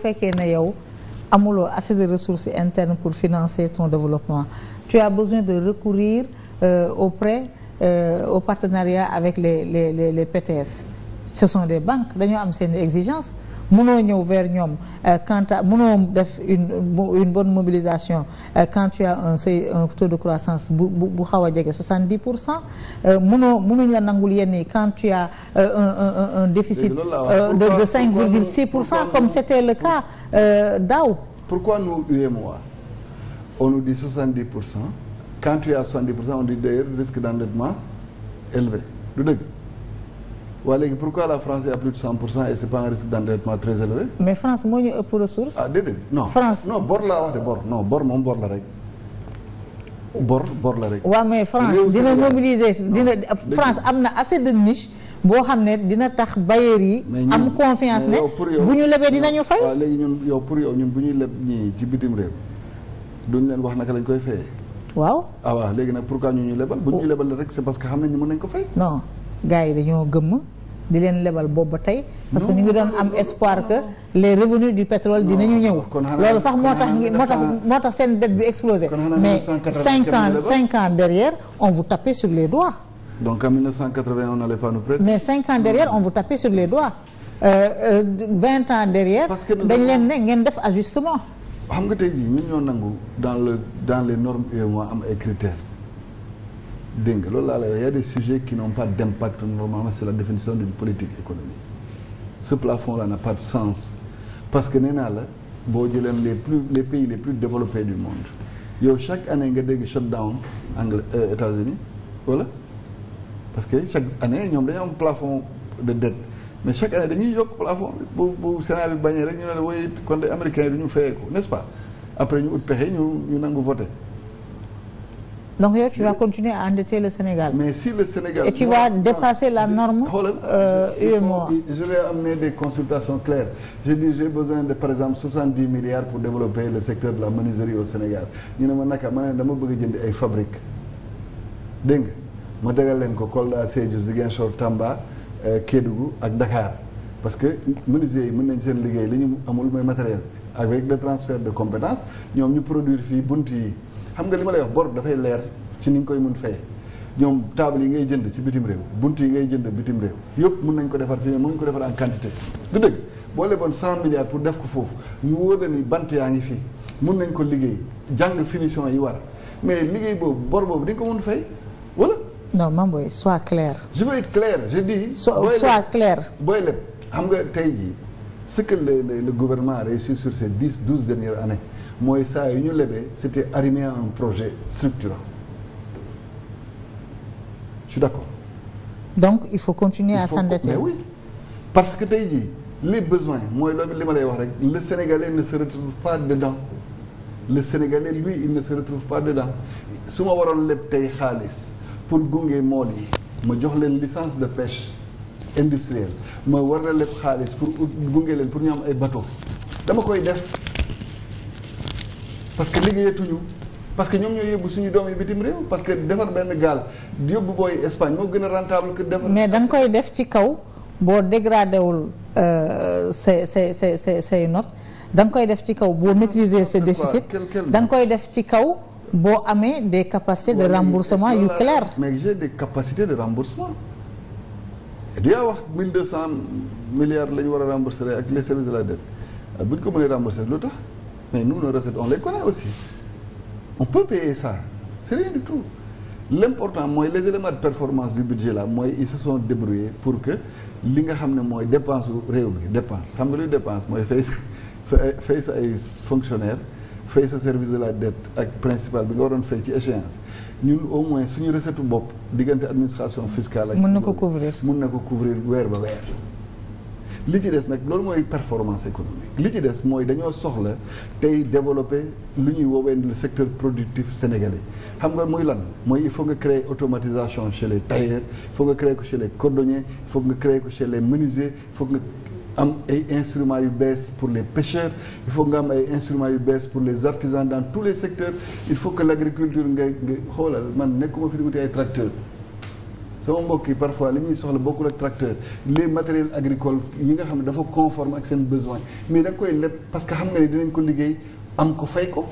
bu fekkee ne yow amuloo assez de ressources internes pour financer ton développement tu as besoin de recourir euh, au prêt euh, au partenariat avec les les les les PTF ce sont des banque dañoo am seen exigence mënoo ñëw veer ñoom euh, quant à mënoo def une une bonne mobilisation euh, quand tu as un un taux de croissance bu bu bu xaw a jege 70 pour cent euh, mënoo mënuñ la nangul yenn yi quand tu as un un un déficit de de 5,6 pour cent comme c'était le ca daaw. pourquoi nous UEMOA on nous dit 70 pour cent quand tu as 70 pour cent on dit d'ailleurs risque d'endettement élevé du dëgg. waa léegi pourquoi la France est de 100 pour cent et c' est pas un risque d' endettement très élevé. mais France moo ñu ëpp ressource. ah déedéet non France non bor laa wax de bor moom bor la rek. bor bor la rek. waaw mais France dina mobiliser dina France am na assez de niche boo xam ne dina tax bailleurs yi. am confiance ne bu ñu lebee dinañu fay. waaw léegi ñun yow pour yow ñun bu ñu leb ñii ci bitim réew duñ leen wax naka lañ koy fayee. waaw ah waaw léegi nag pourquoi ñu ñu lebal. bu ñu oh. lebal rek parce que xam nañ mën nañ ko fay. gars yi dañoo gëmm di leen lebal boobu ba tey parce que ñu ngi doon am espoir que les revenus du pétrole dinañu ñëw loolu sax moo tax moo tax moo tax seen dette bi explosé mais cinq ans cinq ans derrière on vous tapait sur les doigts donc en 1980 on n'allait pas nous prêter mais cinq ans derrière on vous tapait sur les doigts euh, euh, vingt ans derrière dañ leen ne ngeen def ajustement xam nga tey jii ñun ñoo nangu dans les normes UEMOA am ay critères dégg nga loolu laa lay wax y a des sujets qui n'ont pas d'impact normalement sur la définition d'une politique économique ce plafond là n'a pas de sens parce que nee naa la boo jëleen les plus les pays les plus développés du monde yow chaque année nga dégg shutdown Angl euh, États-Unis wala voilà. parce que chaque année ñoom dañu am plafond de dette mais chaque année dañuy yokk plafond bi bu bu Sénat bi bañee rek ñu ne la wooy kon de américains yi du ñu fayee ko n'est-ce après ñu ut pexe ñu ñu nangu donc yow tu vas continuer à endetter le Sénégal. mais si le Sénégal. et tu vas dépasser la norme. Euh, UEMOA je vais amener des consultations claires je dis j'ai besoin de par exemple soixante dix milliards pour développer le secteur de la menuiserie au Sénégal ñu ne ma naka ma ne dama bëgg jënd ay fabrique dégg nga ma dagal leen ko Kolda Sédhiou Ziguinchor Tamba euh, Kédougou ak Dakar parce que menuisiers yi mën nañ seen liggéey li ñu amul mooy matériel avec le transfert de compétences ñoom ñu produire fii bunt yi. xam nga li ma lay wax bor dafay leer ci ni nga koy mun fay ñoom table yi ngay jënd ci bitim réew bunt yi ngay jënd bitim réew yëpp mun nañ ko defar fii mun nañ ko defar en quantité du dëgg boo leboon cent milliards pour def ko foofu ñu wóor la ni bant yaa ngi fii mun nañ ko liggéey jàng finition yi war mais liggéey boobu bor boobu di nga ko mun fay wala non Mame Boye sois clair je veux être clair je dis. so sois clair booy leb xam nga tey jii ce que le, gouvernement a réussi sur ces dix douze dernières années mooy saa yu ñu lebee c'était arrimé à projet structurant je suis d'accord donc il faut continuer il à s'endetter parce que tey jii les besoins mooy loolu li ma lay wax rek le sénégalais ne se retrouve pas dedans le sénégalais lui il ne se retrouve de dedans su ma waroon leb tey xaalis pour gunge mool yi ma jox leen licence de pêche industriel ma war na lépp xaalis pour gunge leen pour ñu am ay bateau dama koy def parce que liggéeyatuñu parce que ñoom ñooy yóbbu suñu doom yi bitim réew parce que defar benn gaal yóbbu booy Espagne moo gën a rentable que defar. mais da nga koy def ci kaw boo dégradé wul euh, say say say say say notes da koy def ci kaw boo maîtriser ce déficit da koy def ci kaw. boo amee des capacités de remboursement yu clair mais j'ai des capacités de remboursement. di yaa wax mille deux cent milliards la war a rembourser ak les services laa la dette euh, bu ñu ko mënee rembourser lu tax mais nous nos recettes on les connaît aussi mu peut payer ça c'est rien du tout l'important mooy les éléments performance du budget là mooy ils se sont débrouillés pour que li nga xam ne mooy dépense u réew mi dépense xam nga luy dépense mooy fay sa fay sa ay fonctionnaires fay sa service de la dette ak principal bi nga waroon fay ci échéance ñun au moins suñu recette bopp diggante administration fiscale ak mën na ko couvrir mën na ko couvrir weer ba weer li ci des nag loolu mooy performance économique li ci des mooy dañoo soxla tey développer lu ñuy woowee le secteur productif sénégalais xam nga muy lan mooy il faut nga créer automatisation chez les tailleurs il faut nga créer ko chez les cordonniers nga créer ko chez les menuisiers il faut nga am ay instruments yu bees pour les pêcheurs il faut nga am ay instruments yu bees pour les artisans dans tous les secteurs il faut que l' agriculture nga nga xoolal man nekkuma fi di wuti ay tracteurs sama mbokk yi parfois li ñuy soxla bokkul ak tracteur les matériels agricoles yi nga xam ne dafa conforme ak seen besoin mais da koy leb parce que xam nga ne dinañ ko liggéey am ko fay ko